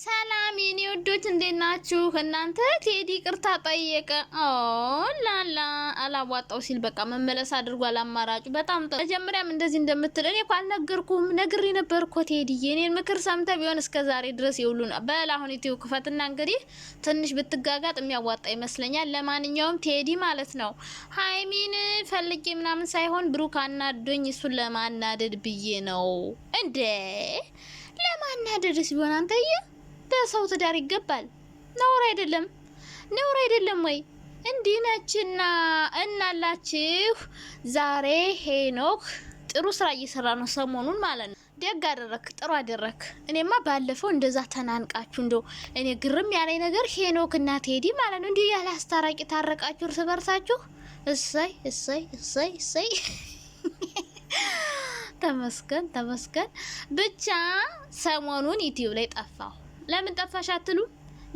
ሰላም የኔ ወዶች እንዴት ናችሁ እናንተ? ቴዲ ቅርታ ጠየቀ። ኦ ላላ አላዋጣው ሲል በቃ መመለስ አድርጓል። አማራጩ በጣም ጥሩ። መጀመሪያም እንደዚህ እንደምትል እኔ እኮ አልነገርኩም፣ ነግሬ ነበር እኮ ቴዲ። የኔን ምክር ሰምተ ቢሆን እስከ ዛሬ ድረስ ይውሉና በል አሁን ኢትዮ ክፈትና እንግዲህ ትንሽ ብትጋጋጥ የሚያዋጣ ይመስለኛል። ለማንኛውም ቴዲ ማለት ነው ሀይሚን ፈልጌ ምናምን ሳይሆን ብሩክ አናዶኝ እሱን ለማናደድ ብዬ ነው። እንዴ ለማናደድስ ቢሆን አንተዬ በሰው ትዳር ይገባል። ነውር አይደለም፣ ነውር አይደለም ወይ? እንዲህ ነችና እናላችሁ። ዛሬ ሄኖክ ጥሩ ስራ እየሰራ ነው ሰሞኑን ማለት ነው። ደግ አደረክ፣ ጥሩ አደረክ። እኔማ ባለፈው እንደዛ ተናንቃችሁ እንደ እኔ ግርም ያለኝ ነገር ሄኖክ እና ቴዲ ማለት ነው እንዲህ ያለ አስታራቂ ታረቃችሁ እርስ በርሳችሁ። እሰይ እሰይ እሰይ እሰይ፣ ተመስገን ተመስገን። ብቻ ሰሞኑን ዩቲዩብ ላይ ጠፋሁ። ለምን ጠፋሽ አትሉ?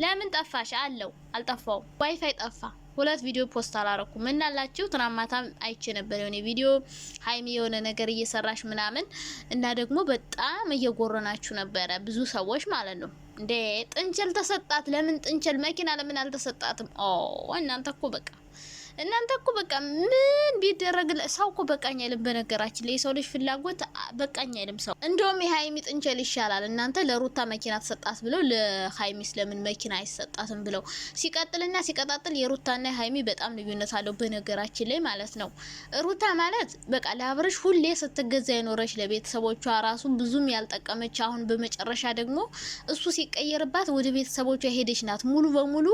ለምን ጠፋሽ አለው። አልጠፋውም፣ ዋይፋይ ጠፋ። ሁለት ቪዲዮ ፖስት አላረኩ። ምን አላችሁ? ትናንት ማታም አይቼ ነበር የሆነ ቪዲዮ ሀይሚ የሆነ ነገር እየሰራሽ ምናምን እና ደግሞ በጣም እየጎረናችሁ ነበረ ብዙ ሰዎች ማለት ነው። እንዴ ጥንቸል ተሰጣት፣ ለምን ጥንቸል መኪና ለምን አልተሰጣትም? ኦ እናንተ እኮ በቃ እናንተ እኮ በቃ ምን ቢደረግ ሰው እኮ በቃኝ አይልም። በነገራችን ላይ የሰው ልጅ ፍላጎት በቃኝ አይልም ሰው። እንደውም የሀይሚ ጥንቸል ይሻላል። እናንተ ለሩታ መኪና ተሰጣት ብለው ለሀይሚ ስለምን መኪና አይሰጣትም ብለው ሲቀጥልና ሲቀጣጥል የሩታና የሀይሚ በጣም ልዩነት አለው በነገራችን ላይ ማለት ነው። ሩታ ማለት በቃ ለአብረሽ ሁሌ ስትገዛ የኖረች ለቤተሰቦቿ ራሱ ብዙም ያልጠቀመች፣ አሁን በመጨረሻ ደግሞ እሱ ሲቀየርባት ወደ ቤተሰቦቿ ሄደች ናት። ሙሉ በሙሉ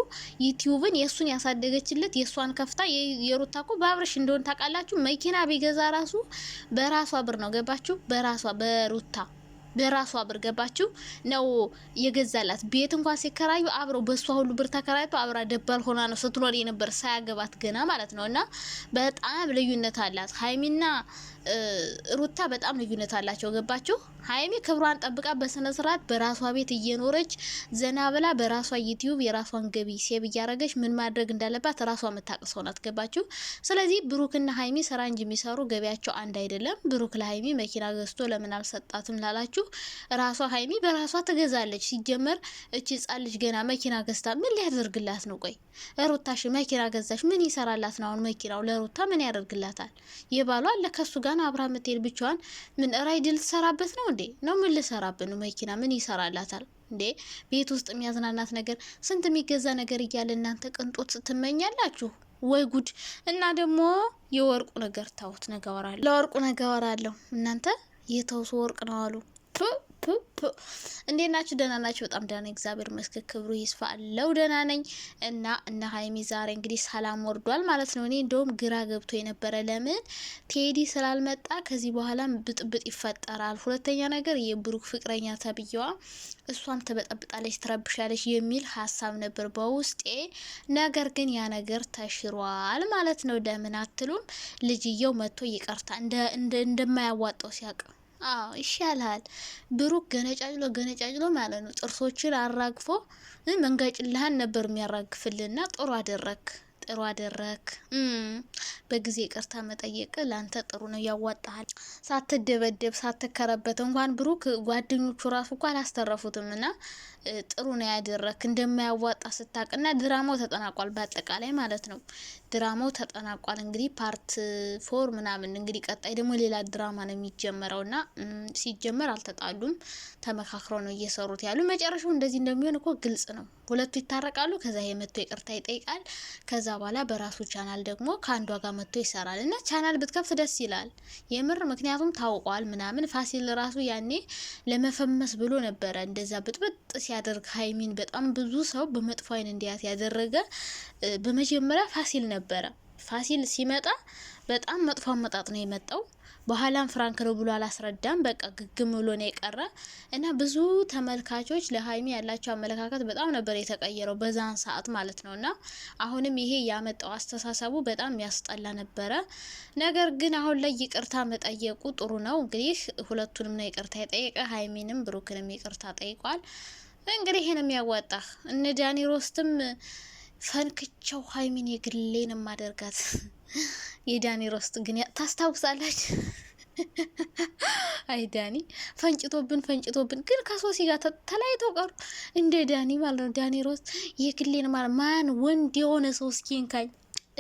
ዩቲዩብን የእሱን ያሳደገችለት የእሷን ከፍታ የሩታ እኮ በአብርሽ እንደሆን ታውቃላችሁ። መኪና ቢገዛ ራሱ በራሷ ብር ነው ገባችሁ። በራሷ በሩታ በራሷ ብር ገባችሁ ነው የገዛላት። ቤት እንኳን ሲከራዩ አብረው በእሷ ሁሉ ብር ተከራይቶ አብራ ደባል ሆና ነው ስትኖር የነበር ሳያገባት ገና ማለት ነው። እና በጣም ልዩነት አላት ሀይሚና ሩታ በጣም ልዩነት አላቸው። ገባችሁ? ሀይሚ ክብሯን ጠብቃ በስነ ስርዓት በራሷ ቤት እየኖረች ዘና ብላ በራሷ ዩቲዩብ የራሷን ገቢ ሴብ እያረገች ምን ማድረግ እንዳለባት ራሷ የምታቅሰው ናት። ገባችሁ? ስለዚህ ብሩክና ሀይሚ ስራ እንጂ የሚሰሩ ገቢያቸው አንድ አይደለም። ብሩክ ለሀይሚ መኪና ገዝቶ ለምን አልሰጣትም ላላችሁ ያላችሁ ራሷ ሀይሚ በራሷ ትገዛለች። ሲጀመር እቺ ህጻን ልጅ ገና መኪና ገዝታ ምን ሊያደርግላት ነው? ቆይ ሩታሽ መኪና ገዛሽ ምን ይሰራላት ነው? አሁን መኪናው ለሩታ ምን ያደርግላታል? የባሏ አለ ከሱ ጋር አብራ ምትሄድ ብቻዋን ምን ራይድ ልትሰራበት ነው እንዴ? ነው ምን ልሰራበት ነው? መኪና ምን ይሰራላታል? እንዴ ቤት ውስጥ የሚያዝናናት ነገር ስንት የሚገዛ ነገር እያለ እናንተ ቅንጦት ትመኛላችሁ ወይ ጉድ! እና ደግሞ የወርቁ ነገር ታውት ነገር ወራለሁ ለወርቁ ነገር ወራለሁ እናንተ የተውሱ ወርቅ ነው አሉ። እንዴት ናችሁ? ደህና ናችሁ? በጣም ደህና ነኝ፣ እግዚአብሔር ይመስገን፣ ክብሩ ይስፋ አለው። ደህና ነኝ እና እነ ሀይሚ ዛሬ እንግዲህ ሰላም ወርዷል ማለት ነው። እኔ እንደውም ግራ ገብቶ የነበረ ለምን ቴዲ ስላልመጣ ከዚህ በኋላ ብጥብጥ ይፈጠራል፣ ሁለተኛ ነገር የብሩክ ፍቅረኛ ተብዬዋ እሷም ትበጠብጣለች፣ ትረብሻለች የሚል ሀሳብ ነበር በውስጤ። ነገር ግን ያ ነገር ተሽሯል ማለት ነው። ለምን አትሉም? ልጅየው መጥቶ ይቅርታ እንደማያዋጣው ሲያቅም አዎ ይሻልሃል። ብሩክ ገነጫጭሎ ገነጫጭሎ ማለት ነው ጥርሶችን አራግፎ መንጋጭልሃን ነበር የሚያራግፍልና ጥሩ አደረግ። ጥሩ አደረክ። በጊዜ ቅርታ መጠየቅ ለአንተ ጥሩ ነው፣ ያዋጣሃል። ሳትደበደብ ሳትከረበት እንኳን ብሩክ ጓደኞቹ ራሱ እኳ አላስተረፉትም እና ጥሩ ነው ያደረክ። እንደማያዋጣ ስታቅና ድራማው ተጠናቋል። በአጠቃላይ ማለት ነው ድራማው ተጠናቋል። እንግዲህ ፓርት ፎር ምናምን እንግዲህ ቀጣይ ደግሞ ሌላ ድራማ ነው የሚጀመረው እና ሲጀመር አልተጣሉም፣ ተመካክረው ነው እየሰሩት ያሉ። መጨረሻው እንደዚህ እንደሚሆን እኮ ግልጽ ነው። ሁለቱ ይታረቃሉ። ከዛ የመቶ ይቅርታ ይጠይቃል። ከዛ በኋላ በራሱ ቻናል ደግሞ ከአንዷ ጋር መጥቶ ይሰራል እና ቻናል ብትከፍት ደስ ይላል የምር ምክንያቱም ታውቋል ምናምን ፋሲል ራሱ ያኔ ለመፈመስ ብሎ ነበረ እንደዛ ብጥብጥ ሲያደርግ ሀይሚን በጣም ብዙ ሰው በመጥፎ አይን እንዲያት ያደረገ በመጀመሪያ ፋሲል ነበረ ፋሲል ሲመጣ በጣም መጥፎ አመጣጥ ነው የመጣው በኋላም ፍራንክ ነው ብሎ አላስረዳም። በቃ ግግም ብሎ ነው የቀረ እና ብዙ ተመልካቾች ለሀይሚ ያላቸው አመለካከት በጣም ነበር የተቀየረው በዛን ሰዓት ማለት ነው። እና አሁንም ይሄ ያመጣው አስተሳሰቡ በጣም ያስጠላ ነበረ። ነገር ግን አሁን ላይ ይቅርታ መጠየቁ ጥሩ ነው። እንግዲህ ሁለቱንም ነው ይቅርታ የጠየቀ ሀይሚንም ብሩክንም ይቅርታ ጠይቋል። እንግዲህ ይሄን የሚያዋጣ እነ ዳኒ ሮስትም ፈንክቸው ሀይሚን የግሌን ማደርጋት የዳኒ ሮስት ግን ታስታውሳለች። አይ ዳኒ ፈንጭቶብን ፈንጭቶብን ግን ከሶሲ ጋር ተለያይቶ ቀሩ። እንደ ዳኒ ማለት ነው። ዳኒ ሮስት የግሌን ማለት ማን ወንድ የሆነ ሰው እስኪን ካኝ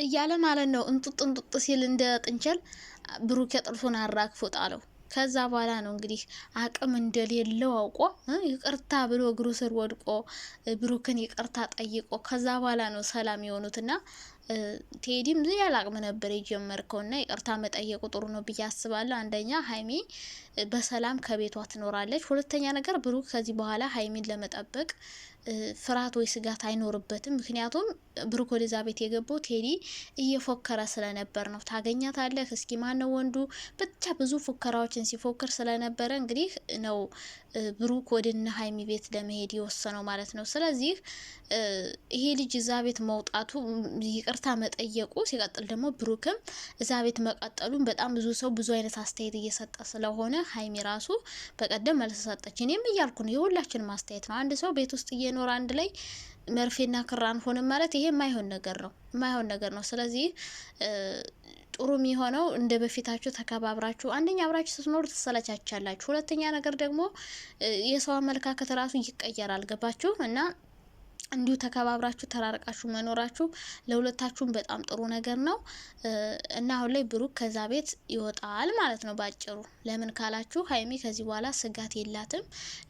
እያለ ማለት ነው። እንጡጥ እንጡጥ ሲል እንደ ጥንቸል ብሩክ ጥርሱን አራግፎ ጣለው። ከዛ በኋላ ነው እንግዲህ አቅም እንደሌለው አውቆ ይቅርታ ብሎ እግሩ ስር ወድቆ ብሩክን ይቅርታ ጠይቆ ከዛ በኋላ ነው ሰላም የሆኑትና ቴዲም ዝ ያለ አቅም ነበር ና ይቅርታ መጠየቁ ጥሩ ነው ብዬ አስባለሁ። አንደኛ ሀይሚ በሰላም ከቤቷ ትኖራለች። ሁለተኛ ነገር ብሩክ ከዚህ በኋላ ሀይሚን ለመጠበቅ ፍርሃት ወይ ስጋት አይኖርበትም። ምክንያቱም ብሩክ ወደዛ ቤት የገባው ቴዲ እየፎከረ ስለነበር ነው። ታገኛታለህ፣ እስኪ ማነው ወንዱ? ብቻ ብዙ ፉከራዎችን ሲፎክር ስለነበረ እንግዲህ ነው ብሩክ ወደነ ሀይሚ ቤት ለመሄድ የወሰነው ማለት ነው። ስለዚህ ይሄ ልጅ እዛ ቤት መውጣቱ ይቅርታ መጠየቁ ሲቀጥል ደግሞ ብሩክም እዛ ቤት መቀጠሉን በጣም ብዙ ሰው ብዙ አይነት አስተያየት እየሰጠ ስለሆነ ሀይሚ ራሱ በቀደም መልስ ሰጠች። እኔም እያልኩ ነው የሁላችንም አስተያየት ነው። አንድ ሰው ቤት ውስጥ ሳይኖር አንድ ላይ መርፌና ክር አንሆንም ማለት ይሄ የማይሆን ነገር ነው፣ የማይሆን ነገር ነው። ስለዚህ ጥሩ የሚሆነው እንደ በፊታችሁ ተከባብራችሁ፣ አንደኛ አብራችሁ ስትኖሩ ትሰለቻቻላችሁ፣ ሁለተኛ ነገር ደግሞ የሰው አመለካከት ራሱ ይቀየራል። ገባችሁ እና እንዲሁ ተከባብራችሁ ተራርቃችሁ መኖራችሁ ለሁለታችሁም በጣም ጥሩ ነገር ነው እና አሁን ላይ ብሩክ ከዛ ቤት ይወጣል ማለት ነው ባጭሩ። ለምን ካላችሁ ሀይሚ ከዚህ በኋላ ስጋት የላትም።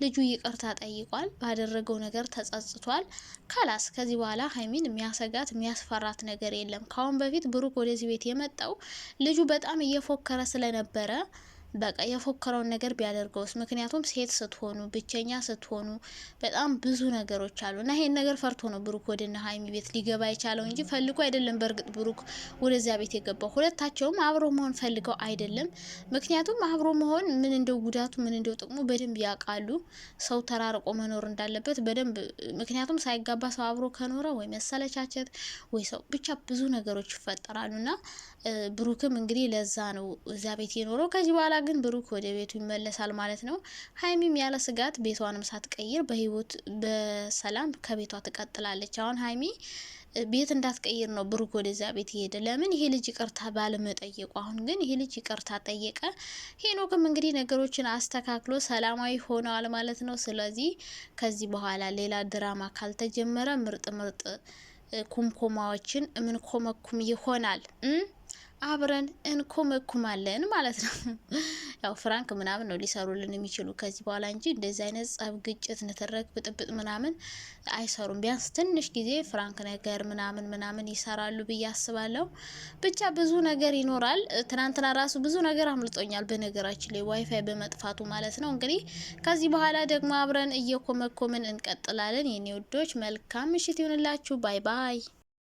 ልጁ ይቅርታ ጠይቋል፣ ባደረገው ነገር ተጸጽቷል። ካላስ ከዚህ በኋላ ሀይሚን የሚያሰጋት የሚያስፈራት ነገር የለም። ካሁን በፊት ብሩክ ወደዚህ ቤት የመጣው ልጁ በጣም እየፎከረ ስለነበረ በቃ የፎከረውን ነገር ቢያደርገውስ? ምክንያቱም ሴት ስትሆኑ ብቸኛ ስትሆኑ በጣም ብዙ ነገሮች አሉ እና ይሄን ነገር ፈርቶ ነው ብሩክ ወደነ ሀይሚ ቤት ሊገባ የቻለው እንጂ ፈልጎ አይደለም። በእርግጥ ብሩክ ወደዚያ ቤት የገባው ሁለታቸውም አብሮ መሆን ፈልገው አይደለም። ምክንያቱም አብሮ መሆን ምን እንደው ጉዳቱ ምን እንደው ጥቅሙ በደንብ ያውቃሉ። ሰው ተራርቆ መኖር እንዳለበት በደንብ ምክንያቱም ሳይጋባ ሰው አብሮ ከኖረ ወይ መሰለቻቸት ወይ ሰው ብቻ ብዙ ነገሮች ይፈጠራሉና ብሩክም እንግዲህ ለዛ ነው እዚያ ቤት የኖረው ከዚህ በኋላ ግን ብሩክ ወደ ቤቱ ይመለሳል ማለት ነው። ሀይሚም ያለ ስጋት ቤቷንም ሳትቀይር በህይወት በሰላም ከቤቷ ትቀጥላለች። አሁን ሀይሚ ቤት እንዳትቀይር ነው ብሩክ ወደዚያ ቤት ይሄደ። ለምን ይሄ ልጅ ይቅርታ ባለመጠየቁ። አሁን ግን ይሄ ልጅ ይቅርታ ጠየቀ። ሄኖክም እንግዲህ ነገሮችን አስተካክሎ ሰላማዊ ሆነዋል ማለት ነው። ስለዚህ ከዚህ በኋላ ሌላ ድራማ ካልተጀመረ ምርጥ ምርጥ ኩምኮማዎችን ምንኮመኩም ይሆናል። አብረን እንኮመኩማለን ማለት ነው። ያው ፍራንክ ምናምን ነው ሊሰሩልን የሚችሉ ከዚህ በኋላ እንጂ እንደዚህ አይነት ጸብ፣ ግጭት፣ ንትረክ፣ ብጥብጥ ምናምን አይሰሩም። ቢያንስ ትንሽ ጊዜ ፍራንክ ነገር ምናምን ምናምን ይሰራሉ ብዬ አስባለሁ። ብቻ ብዙ ነገር ይኖራል። ትናንትና ራሱ ብዙ ነገር አምልጦኛል፣ በነገራችን ላይ ዋይፋይ በመጥፋቱ ማለት ነው። እንግዲህ ከዚህ በኋላ ደግሞ አብረን እየኮመኮምን እንቀጥላለን። የኔ ውዶች መልካም ምሽት ይሆንላችሁ። ባይ ባይ።